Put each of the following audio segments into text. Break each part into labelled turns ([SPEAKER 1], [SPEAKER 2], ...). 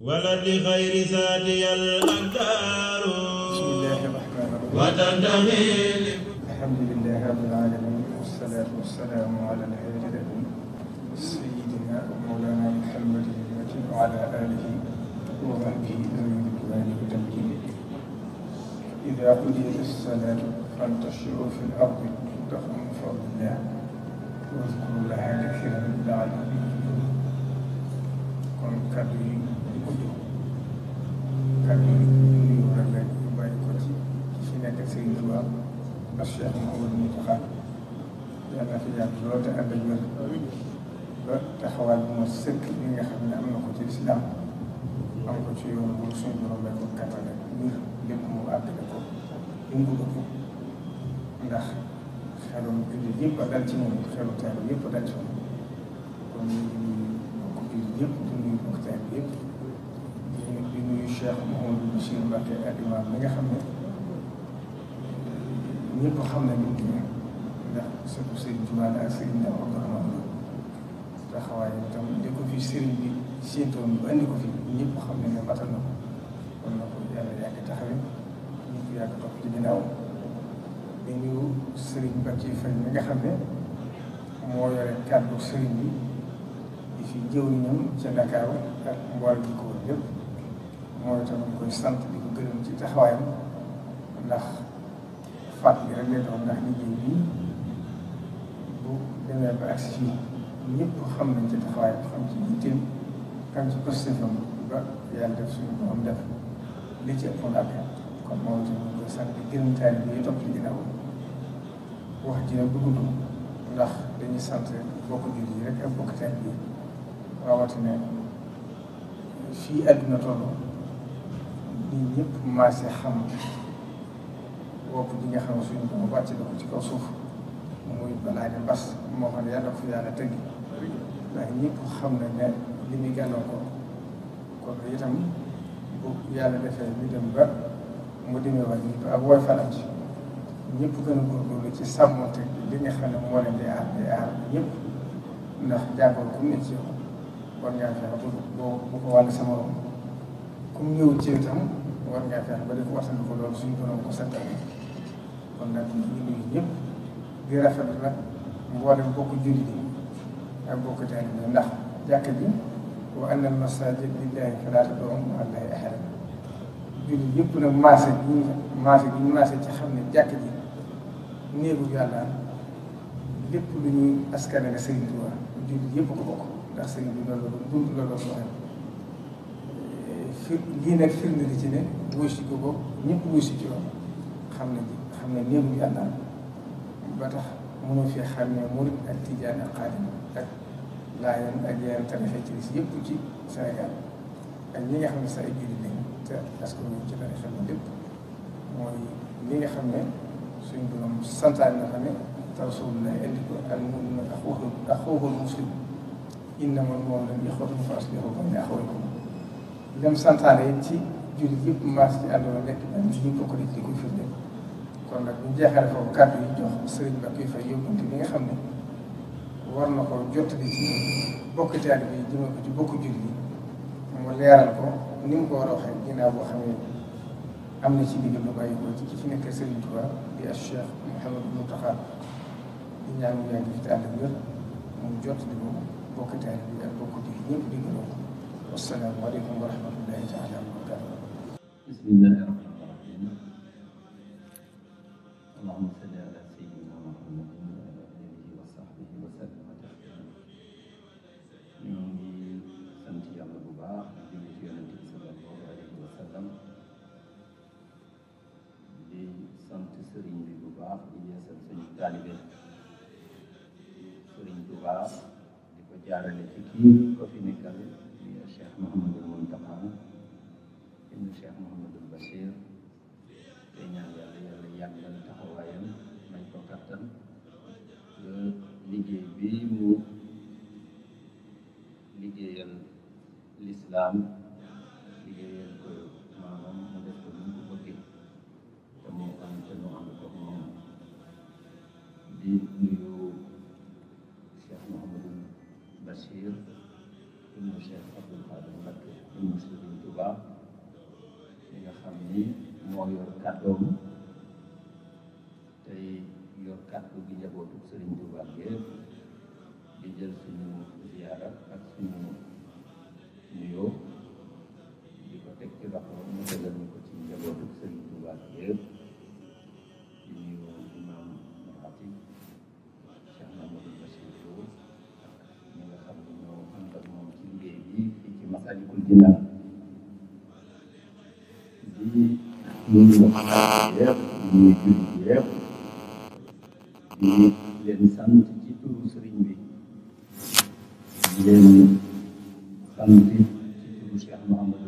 [SPEAKER 1] ولد غير ذاتي الأقدار بسم الله الرحمن الرحيم الحمد لله رب العالمين والصلاة والسلام على الخير الأمين سيدنا مولانا محمد وعلى آله وصحبه أجمعين الرضوان إذا قضيت الصلاة فانتشروا في الأرض وابتغوا من فضل الله واذكروا لها كثيرا لعلكم تفلحون كن كبير gudd kàddu yi ñu rek la ñu bàyyi ko ci fi nekk Sëriñ Tuubaa ak Cheikh Mouhamadou Mountakha yàlla fi yàgg lool te ànd ak wér ba taxawaay bu ma sëkk li nga xam ne am na ko ci lislaam am ko ci yoon bu suñu ko kattan ak lépp ko yëngu ko ndax xelum jullit yëpp a dal ci moom xelu teel yëpp a dal ci moom kon Cheikh Mouhamadou Bachir Mbacké ak imaam mi nga xam ne ñëpp xam nañu ndax surtout Serigne Touba ak Serigne Dame Abdourahmane Lo taxawaay itam li ko fi Serigne bi séentoon bu andi ko fi ñëpp xam ne matal na ko kon na ko yàlla yàgg taxawe ñëpp yàgg topp xam ne moo yore kàddu bi di fi jëw ñoom ca Dakar ak mboolem ko. moo itam ñu koy sant di ko gërëm ci taxawaayam ndax fàttali rek lay doon ndax liggéey bii bu demee ba agsi fii ñëpp xam nañ ci taxawaayam xam ci yitteem xam ci positifam ba yàlla def suñu ko am def li ci ëppoon ak kon moom itam ñu koy sant di gërëm taal bi yi topp ci ginnaaw wax ji nag du ndax dañuy sant bokk jur yi rek ak bokk taal bi rawatina fii àdduna tolloo ñun ñëpp maase xam wopp di xam suñu borom wàcc na ko ci kaw suuf muy balaa di mbas moo xam ne yàlla ko yàlla tëgg ndax ñëpp dem ba mu demee wàññi ñëpp ak woy fanam ci ñëpp gën a góorgóorlu ci sàmmonte li nga xam ne moo leen di aar di aar ñëpp ndax jàngoor ku ne ci yow war ngaa fexe bu ko wàll sama morom comme ñëw ci itam war ngaa fexe ba di ko waxtaanee ko loolu suñu borom ko santaane kon nag ñu ngi nuyu ñëpp di rafetlu nag mboolem bokk jullit yi ak bokk taalibe ndax jàkka ji wa anna al masajid jullit yëpp nag maase bi ñu maase bi maase ci xam ne jàkka ji néegu yàlla lépp lu ñuy askanale Sëriñ Tuubaa jullit yëpp ko bokk ndax Sëriñ bi loolu la dund loolu la waxee fir lii nag firnde li ci ne wóosi ko ko ñëpp wóosi ci woon xam ne xam ne néew yàlla ba tax mënoo fi xàmmee murid ak tijaan ak xaadim ak laayeen ak yeneen tarixa ci des yëpp ci ak ñi nga xam ne sa ay jullit lañ te askan wi ci tarixa bi lépp mooy li nga xam ne suñ borom santaan na xam ne ko ak ak xooxul muslim dem santaane ci jullit yëpp maas ci àdduna nekk benn ñu bokk di ci ko firnde kon nag bu jeexale foofu kàddu yi jox sëriñ ba koy fay bi nga xam ne war na ko jottali ci bokk taal bi jëme ci bokk jullit yi mu leeral ko ni mu ko war a waxee ginnaaw boo xam ne am na ci ci ki fi nekk sëriñ Tuubaa di ak Cheikh Mouhamadou di ñaan mu yàgg fi bokk taal bi bokk di ko والسلام عليكم ورحمة الله تعالى وبركاته بسم الله الرحمن الرحيم
[SPEAKER 2] اللهم صل على سيدنا محمد وعلى آله وصحبه وسلم تسليما سنتي أبو بكر بن النبي صلى الله عليه وسلم دي سرين بن بكر دي سنت سرين طالب سرين بن بكر di ko Mouhamadul Muntaqa Basir te ñaan yàlla yàlla yàggal taxawaayam may ko kattan liggéey bi mu liggéeyal lislaam ibnu Cheikh Abdoul Khadim Mbacké ibnu Serigne Touba mi nga moo yor kàddoom tey yor kàddu gi njabootu Serigne Touba bi di jël
[SPEAKER 3] di UGF di Lensan Cicitu Serimbi
[SPEAKER 2] dan Santri Cicitu Syekh Muhammad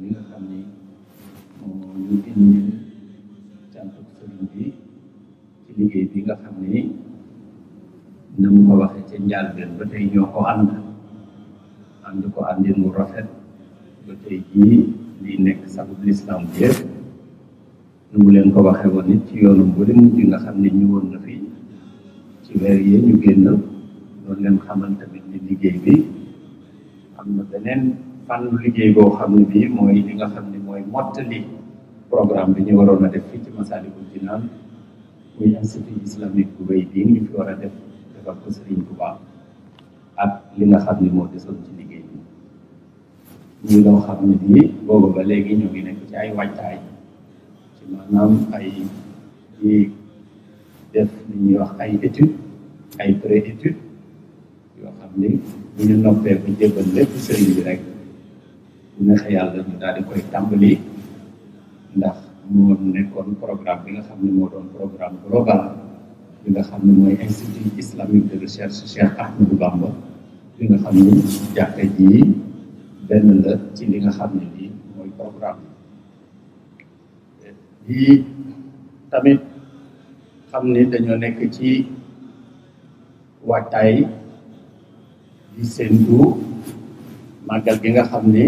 [SPEAKER 3] ini kami menunjukkan di cantik Serimbi ci liggéey bi nga xam ne na mu ko waxee ca njàlbeen ba tey ñoo ko ànd ànd ko àndin lu mu leen ko waxee woon ci yoonu bari mburi mujj nga xam ne ñu woon na fi ci weer yee ñu génn doon leen xamal tamit ni liggéey bi am na beneen fànn liggéey boo xam ne mooy li nga xam ne mooy mottali programme bi ñu waroon a def fii ci Masaalikul Jinaan muy institut islamique bu rëy bii ñu fi war a def defal ko Sëriñ Tuubaa ak li nga xam ne moo desoon ci liggéey bi ñu loo xam ne bii boobu ba léegi ñu ngi nekk ci ay waajtaay maanaam ay def li ñuy wax ay étude ay pré étude yoo xam ni bu ñu noppee bu jébbal lépp sëriñ bi rek bu neex yàlla ñu daal di koy tàmbali ndax moo nekkoon programme bi nga xam ne moo doon programme global nga xam ne mooy institut islamique de recherche Cheikh Ahmadou Bamba bi nga xam ni jàkka ji benn la ci li nga xam ne nii mooy programme di tamit xam ni dañoo nekk ci watay di sendu magal gi nga xamni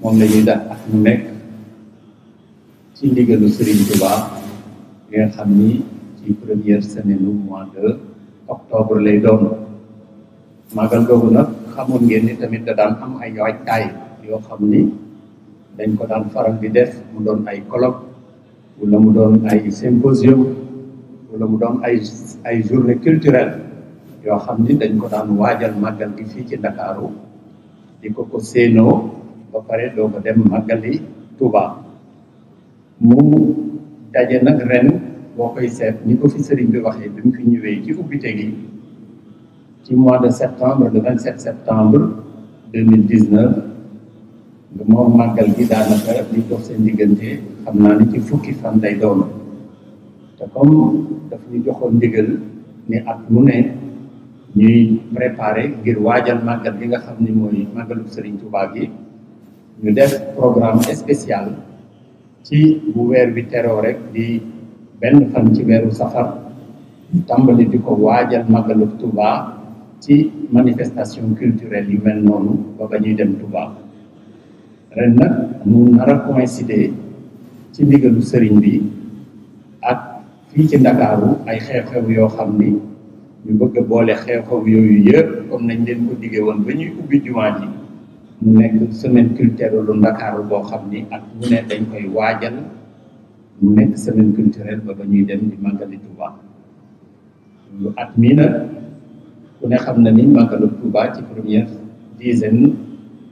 [SPEAKER 3] mom lañuy da ak mu nek ci ligelu Serigne Touba nga xamni ci première semaine du mois de octobre lay doon magal googu nag xamone ngeen ni tamit da daan am ay watay yo xamni dañ ko daan faral di def mu doon ay colloque wala mu doon ay symposium wala mu doon ay ay journée culturelle yoo xam ni dañ ko daan waajal màggal gi fii ci Ndakaaru di ko ko séenoo ba pare doo ko dem màggali Touba mu daje nag ren boo koy seet ni ko fi sëriñ bi waxee bi mu fi ñëwee ci ubbite gi ci mois de septembre le vingt sept septembre mo magal gi daanaka di dox seen diggante xam naa ni ci fukki fan lay doon te comme daf ñu joxoon ndigal ni at mu ne ñuy préparé ngir waajal magal gi nga xam ni mooy màggalu Sëriñ gi ñu def programme spécial ci bu weer bi teroo rek di benn fan ci weeru safar ñu tàmbali di ko waajal màggalu Tuubaa ci manifestation culturelle yu mel noonu ba ba ñuy dem Tuubaa ren nag mu nar a coïncider ci ndigalu sëriñ bi ak fii ci ndakaaru ay xew-xew yoo xam ni ñu bëgg a boole xew-xew yooyu yëpp comme nañ leen ko diggee woon ba ñuy ubbi jumaa ji mu nekk semaine culturelle lu ndakaaru boo xam ni ak mu ne dañ koy mu nekk semaine culturelle ba ba ñuy dem di màggali Tuuba at mii ku ne xam na ni màggalu Tuuba ci première dizaine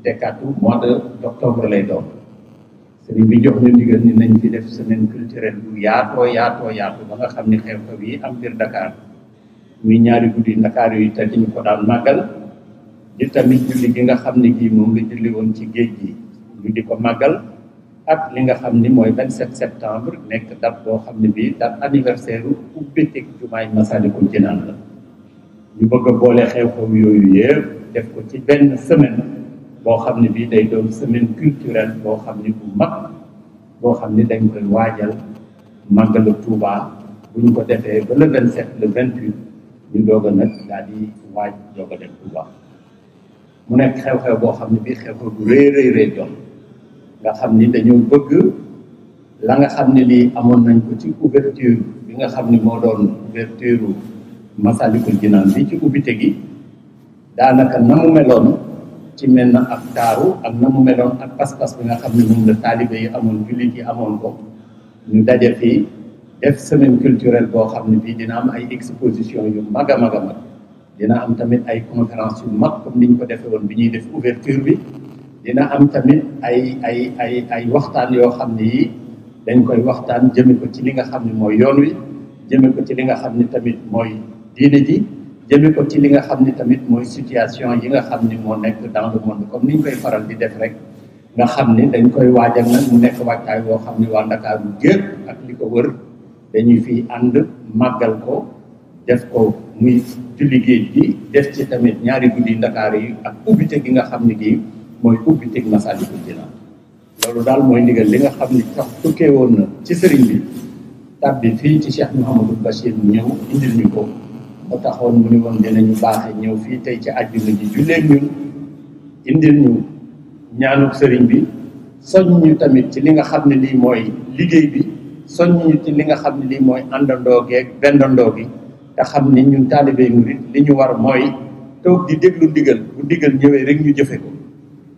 [SPEAKER 3] tekkaatu mois de octobre lay do sëriñ bi jox ñu digal ni nañ fi def semaine culturelle bu yaatoo yaatoo yaatu ba nga xamni xew ko bi am bir Dakar mi ñaari guddi Dakar yu te ñu ko daan magal di tamit julli gi nga xamni gi mo moom julli won ci geej gi ñu diko magal ak li nga xamni moy 27 septembre nekk date boo xam ne bii date anniversaire ubbitik jumaay Masaalikul Jinaan la ñu bëgg boole xew ko yoyu yeb def ko ci ben semaine boo xam ne bii day doon semaine culturelle boo xam ne bu mag boo xam ne dañ koy waajal màggalu Touba bu ñu ko defee ba le vingt sept le vingt huit ñu doog a nag daal di waaj doog a dem Touba mu nekk xew-xew boo xam ne bii xew-xew bu rëy rëy rëy doon nga xam ni dañoo bëgg la nga xam ne nii amoon nañ ko ci ouverture bi nga xam ni moo doon ouverture Masalikul Jinaan bi ci ubbite gi daanaka na mu meloon ci mel na ak taaru ak na mu meloon ak pas-pas bi nga xam ne moom la taalibe yi amoon jullit yi amoon ko ñu daje fii def semaine culturelle boo xam ne bii dina am ay exposition yu mag a mag a mag dina am tamit ay conférence yu mag comme niñ ko defee woon bi ñuy def ouverture bi dina am tamit ay ay ay ay waxtaan yoo xam ne yi dañ koy waxtaan jëme ko ci li nga xam ne mooy yoon wi jëme ko ci li nga xam ne tamit mooy diine ji jëme ko ci li nga xam ne tamit mooy situation yi nga xam ni moo nekk dans le monde comme niñ koy faral di def rek nga xam ni dañ koy waajal nag mu nekk wàccaay woo xam ni waa Ndakaaru gépp ak li ko wër dañu fi ànd màggal ko def ko muy julli géej gi def ci tamit ñaari guddi Ndakaaru yi ak ubbite gi nga xam ne gi mooy ubbite gi Masaalikul Jinaan loolu daal mooy ndigal li nga xam ni tax tukkee woon na ci sëriñ bi tàbbi fii ci Cheikh Mouhamadou Bachir ñëw indil ba taxoon mu ni woon dinañu baaxe ñëw fii tey ci àjjuma ji julleen ñun indil ñu ñaanu sëriñ bi ñu tamit ci li nga xam ne lii mooy liggéey bi ñu ci li nga xam ne lii mooy àndandoo geeg bendandoo gi te xam ni ñun taalibe murit li ñu war mooy toog di déglu ndigal bu ndigal ñëwee rek ñu jëfe ko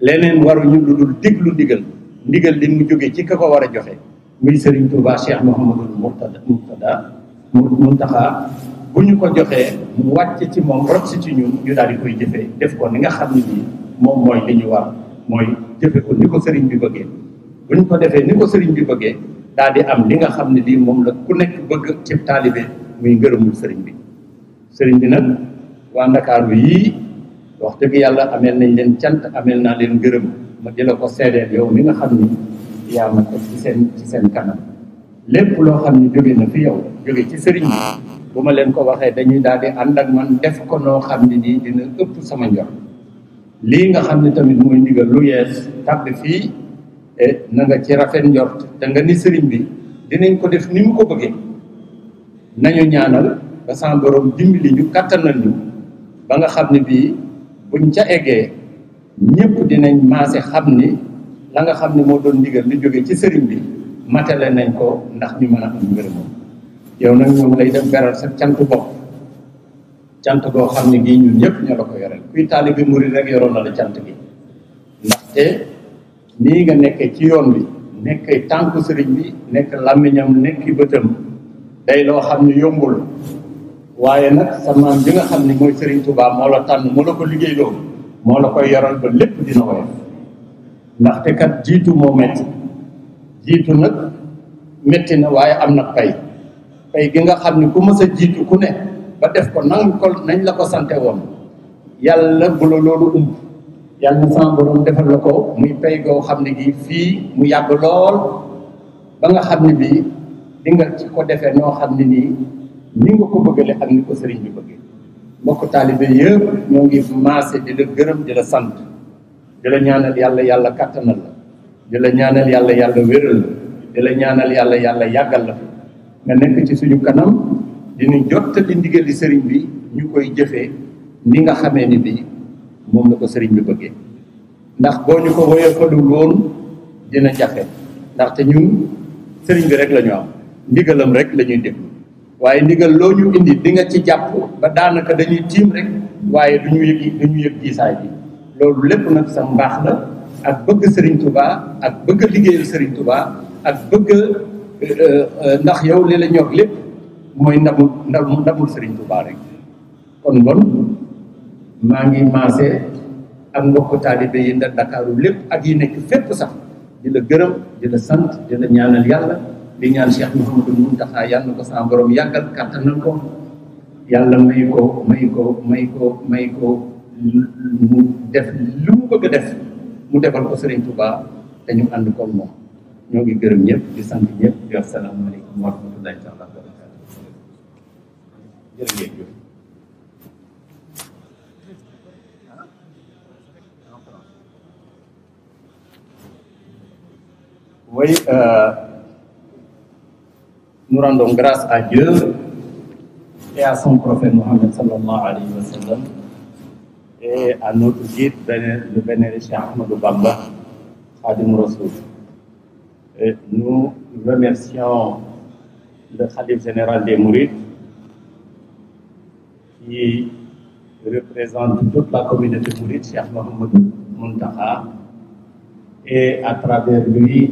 [SPEAKER 3] leneen waru ñu lu dul déglu ndigal ndigal li mu jóge ci ka ko war a joxe muy sëriñ Touba Cheikh Mouhamadul Murtada Murtada Muntaxa bu ñu ko joxee mu wàcc ci moom rot si ci ñun ñu daal di koy jëfee def ko ni nga xam ni nii moom mooy li ñu mooy jëfe ko ni ko sëriñ bi bëggee bu ñu ko defee ni ko sëriñ bi bëggee daal di am li nga xam ne lii moom la ku nekk bëgg ci taalibe muy ngërëmul sëriñ bi sëriñ bi nag waa Ndakaaru yii wax dëgg yàlla ameel nañ leen cant ameel naa leen ngërëm ma di la ko seedeel yow mi nga xam ni yaa ma ci seen ci seen kanam lépp loo xam ne jóge na fi yow jóge ci sëriñ bi bu ma leen ko waxee dañuy daal di ànd man def ko noo xam ne nii dina ëpp sama njor lii nga xam ne tamit mooy ndigal lu yees tàbbi fii e na nga ci rafet njort te nga ni sëriñ bi dinañ ko def ni mu ko bëggee nañu ñaanal ba sama borom dimbali ñu kàttanal ñu ba nga xam ne bii buñ ca eggee ñëpp dinañ maase xam ni la nga xam ne moo doon ndigal li jóge ci sëriñ bi matale nañ ko ndax ñu mën a am ngërëmam yow nag ñoom lay def beral sa cant bopp cant goo xam ne gii ñun ñëpp ñoo la ko yoreel kuy taalibe murid yoroon na la cant gi ndaxte nii nga nekkee ci yoon bi nekk tànku sëriñ bi nekk làmmiñam nekk bëtam day loo xam ne yombul waaye nag sa maam bi sëriñ Tuubaa moo la tànn ko liggéey yoral ba lépp dina ko yor ndaxte kat jiitu moo metti Jitu nak metti na waye amna pay pay gi nga xamni ku ma sa jitu ku ne ba def ko nang ko nañ la ko sante won yalla bu la loolu um yalla sa borom defal la muy pay go xamni gi fi mu yag lool ba nga xamni bi di nga ci ko defé no xamni ni ni nga ko bëggale ak ni ko sëriñ bi bëggee mbokk talibé yépp ñoo ngi massé di la gërëm di la sante di la ñaanal yalla yalla katanal la di la yàlla yàlla wéral la ñaanal yàlla yàlla yàggal la nga nekk ci suñu kanam dinu jottali ndigali sëriñ bi ñu koy jëfe ni nga xamee ni bi moom la ko sëriñ bi bëggee ndax boo ñu ko woyofalul woon dina jafe ndaxte ñun sëriñ bi rek la am ndigalam rek lañuy ñuy waaye ndigal loo ñu indi di nga ci jàpp ba daanaka dañuy tiim rek waaye du ñu yëg du ñu yëg giisaay bi loolu lépp nag sa mbaax na ak bëgg Serigne Touba ak bëgg a liggéeyal Serigne ak bëgg euh, euh, ndax yow li la ñor lépp mooy ndamul ndamul ndamul Serigne Touba rek kon bon maa ngi maase ak mbokk taalibe yi ndax Ndakaaru lépp ak yi nekk fépp sax di la gërëm di la sant di la ñaanal yàlla di ñaan Cheikh Mouhamadou Mountakha yàlla na ko sa borom yàggal kàttanal ko yàlla may ko may ko may ko may ko lu mu bëgg a def mudah kalau sering sëriñ pak te ñu ànd ko moom ñoo di sant ñëpp di wax salaamaaleykum wa rahmatullahi taala wa barakatuh jërë Oui, euh, nous rendons grâce à Dieu et ya, à son prophète Mohammed sallallahu alayhi wa sallam et à notre guide, le vénéré Cheikh Ahmadou Bamba, Khadim Rasoul. Nous remercions le Khalif général des Mourides qui représente toute la communauté mouride, Cheikh Mohamed Muntaha, et à travers lui,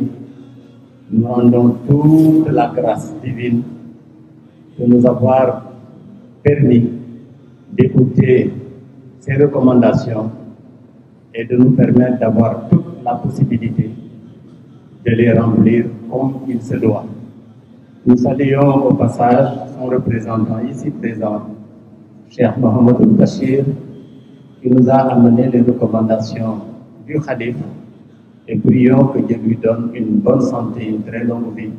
[SPEAKER 3] nous rendons toute la grâce divine de nous avoir permis d'écouter ces recommandations et de nous permettre d'avoir toute la possibilité de les remplir comme il se doit. Nous saluons au passage son représentant ici présent, cher Mohamed Bachir, qui nous a amené les recommandations du Khalif et prions que Dieu lui donne une bonne santé, une très longue vie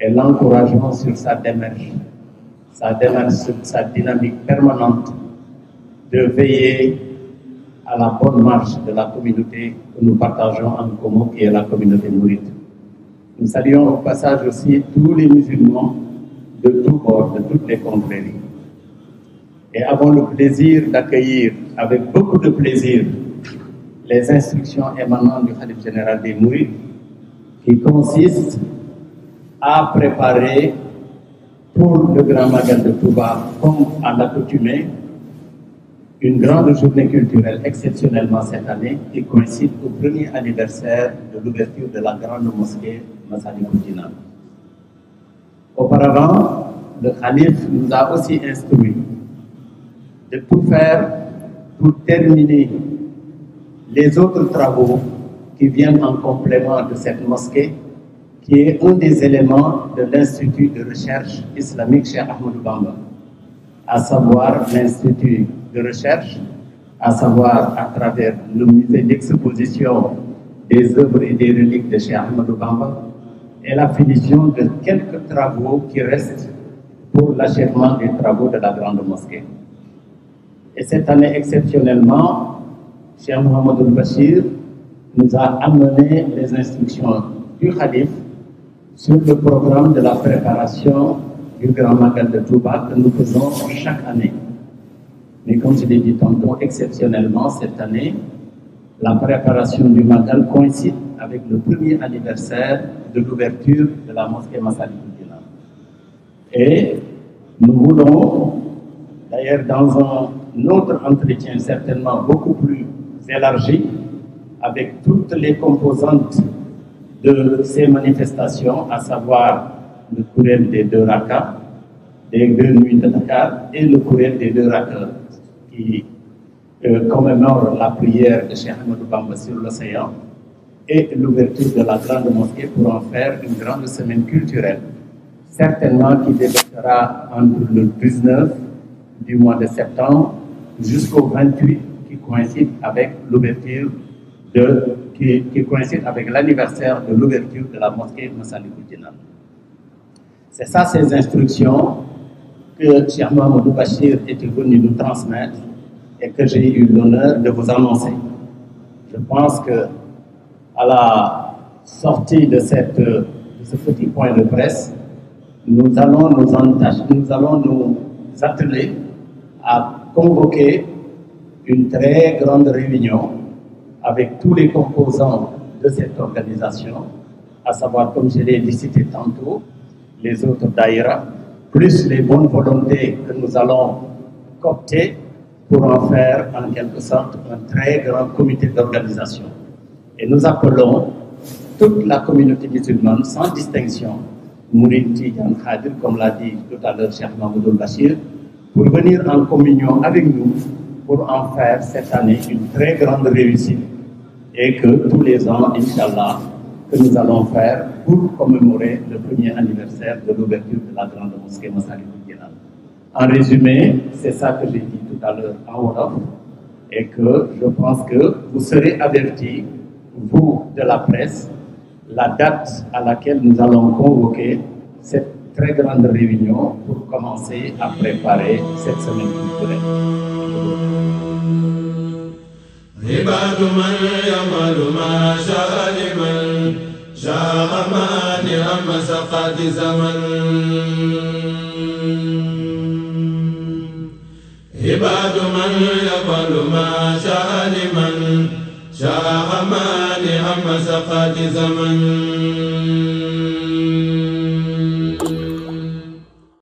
[SPEAKER 3] et l'encouragement sur sa démarche, sa démarche, sa dynamique permanente de veiller à la bonne marche de la communauté que nous partageons en commun, qui est la communauté mourite. Nous saluons au passage aussi tous les musulmans de tous bords, de toutes les contrées. Et avons le plaisir d'accueillir avec beaucoup de plaisir les instructions émanant du Khalif général des Mourides qui consistent à préparer pour le grand magasin de Touba, comme à l'accoutumée, une grande journée culturelle exceptionnellement cette année qui coïncide au premier anniversaire de l'ouverture de la grande mosquée Masali Koutinam. Auparavant, le Khalif nous a aussi instruit de tout faire pour terminer les autres travaux qui viennent en complément de cette mosquée, qui est un des éléments de l'Institut de recherche islamique chez Ahmed Bamba, à savoir l'Institut de recherche, à savoir à travers le musée d'exposition des œuvres et des reliques de chez Ahmed Bamba, et la finition de quelques travaux qui restent pour l'achèvement des travaux de la Grande Mosquée. Et cette année, exceptionnellement, Cheikh Mohamed Oubashir nous a amené les instructions du Khalif sur le programme de la préparation du Grand Magal de Touba que nous faisons chaque année. Mais comme je l'ai dit tantôt, exceptionnellement, cette année, la préparation du matin coïncide avec le premier anniversaire de l'ouverture de la mosquée Kudina. Et nous voulons, d'ailleurs dans un autre entretien certainement beaucoup plus élargi, avec toutes les composantes de ces manifestations, à savoir le courrier des deux rakas, des deux nuits de Dakar et le courriel des deux rakas qui euh, commémore la prière de Cheikh Ahmed Bamba sur l'océan et l'ouverture de la grande mosquée pour en faire une grande semaine culturelle, certainement qui débutera entre le 19 du mois de septembre jusqu'au 28 qui coïncide avec l'ouverture de qui, coïncide avec l'anniversaire de l'ouverture de la mosquée Moussali Jinan. C'est ça ces instructions que Cheikh Mahmoud Bachir est venu nous transmettre et que j'ai eu l'honneur de vous annoncer. Je pense que à la sortie de, cette, de ce petit point de presse, nous allons nous, nous allons nous atteler à convoquer une très grande réunion avec tous les composants de cette organisation, à savoir, comme je l'ai dit tantôt, les autres daïras, plus les bonnes volontés que nous allons copter pour en faire en quelque sorte un très grand comité d'organisation. Et nous appelons toute la communauté musulmane sans distinction, Mourid Yann Khadir, comme l'a dit tout à l'heure Cheikh Mahmoud Bachir, pour venir en communion avec nous pour en faire cette année une très grande réussite et que tous les ans, Inch'Allah, que nous allons faire pour commémorer le premier anniversaire de l'ouverture de la grande mosquée mondiale. En résumé, c'est ça que j'ai dit tout à l'heure à Wolof, et que je pense que vous serez avertis, vous de la presse, la date à laquelle nous allons convoquer cette très grande réunion pour commencer à préparer cette semaine culturelle.
[SPEAKER 2] جاء مانع مسقات زمن عباد من يقبل ما شاء لمن شاء زمن